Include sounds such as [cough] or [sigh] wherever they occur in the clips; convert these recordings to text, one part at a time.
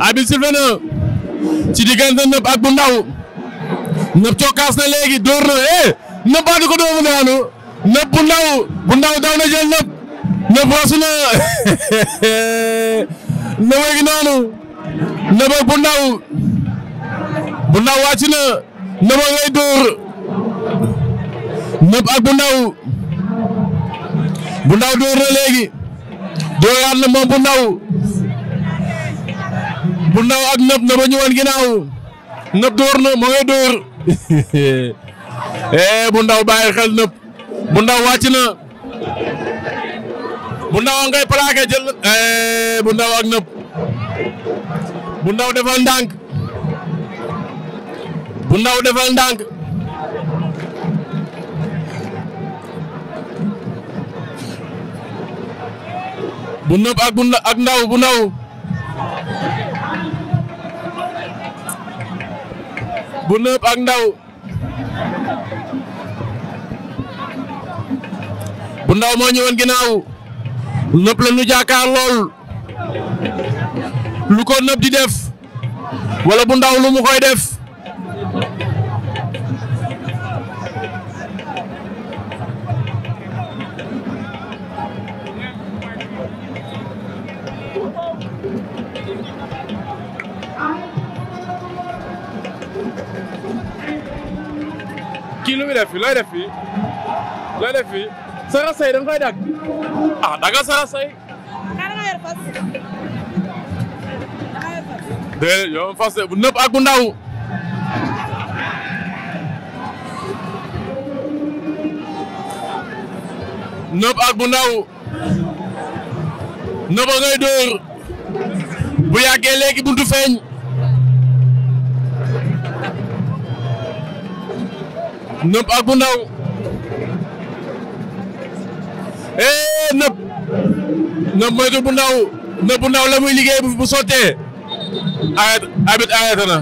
abi sifflé na ci diggante nëb ak bu ndaw nëb cokkaas na léegi dóor na eh nëb baatu ko dóomu daanu nëb bu daw na jël nëb nëb wasu na [laughs] nëb ak bu ndaw bu na nëb ak bu ndaw bu na léegi dóoraat na moom bu ndaw. bu ndaw ak nëb na ba ñëwoon ginnaaw nëb door na ma ngay door [laughs] eh, bu ndaw bàyyi xel nëb bu ndaw wàcc na bu ndaw a ngay plaqué jël eh, bu ndaw ak nëb bu ndaw defal ndànk bu ndaw defal ndànk bu nëb ndaw bu ndaw. bu nëb ak ndaw bu ndaw moo ñëwoon ginnaaw nëb la ñu jaakaar lool lu ko nëb di def wala bu ndaw lu mu koy def kii lu muy def looy def looy def sara say da koy dagg ah sara say déedéet yow fas bu nëpp ak bu ndaw nëpp ak bu ndaw nëpp a ngay dóor bu yàggee léegi buntu feeñ nëb ak bu ndaw ee eh, nëb nëb moytu bu ndaw nëb bu ndaw la muy liggéey bu sottee arrêté abit arrêté na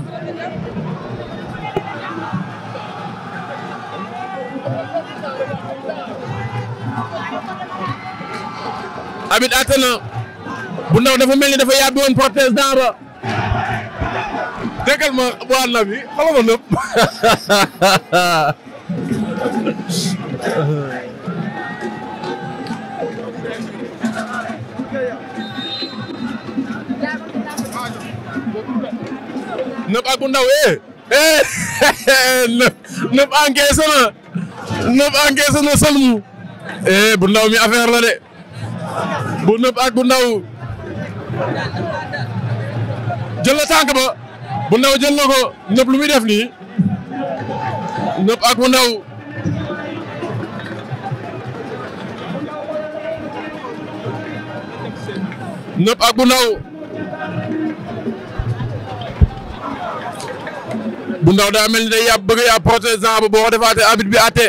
abit atte na bu ndaw dafa mel ni dafa yàbbi woon protège dent ba déggal ma bu ànd bi xamal ma nëb [laughs] nëb ak bu ndaw eh. eh! [laughs] nëb nëb encaissé na nëb encaissé na sëlmu. eh bu ndaw mi affaire la de. bu nëb ak bu ndaw. jël na tànk ba. bu ndaw jël na ko nëb lu muy def nii. nëpp ak mu ndaw nëpp ak mu ndaw daa mel ni day yàpp bëgg yàpp protestant ba boo ko defaatee arbitre bi àtte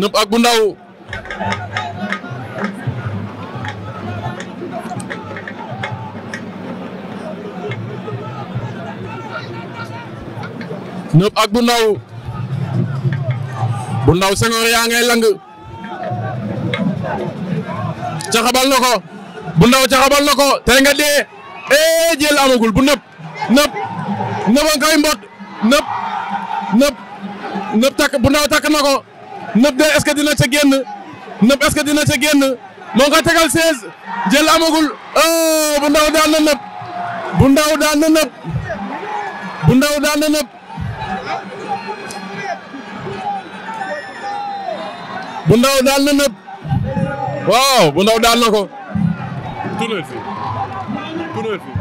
nëpp ak bu nëb ak bu ndaw bu ndaw sengoor yaa ngay lang caxabal na ko bu ndaw caxabal na ko tere nga dee ee jël amagul bu nëb nëb nëb nga koy mbot nëb nëb nëb takk bu ndaw takk na ko nëb de est dina ca génn nëb que dina ca génn moo nga tegal 16 jël amagul bu ndaw daan na nëb bu ndaw daan na nëb bu ndaw daal na nëb. waaw bu ndaw daal na ko. tournée fii tournée fii.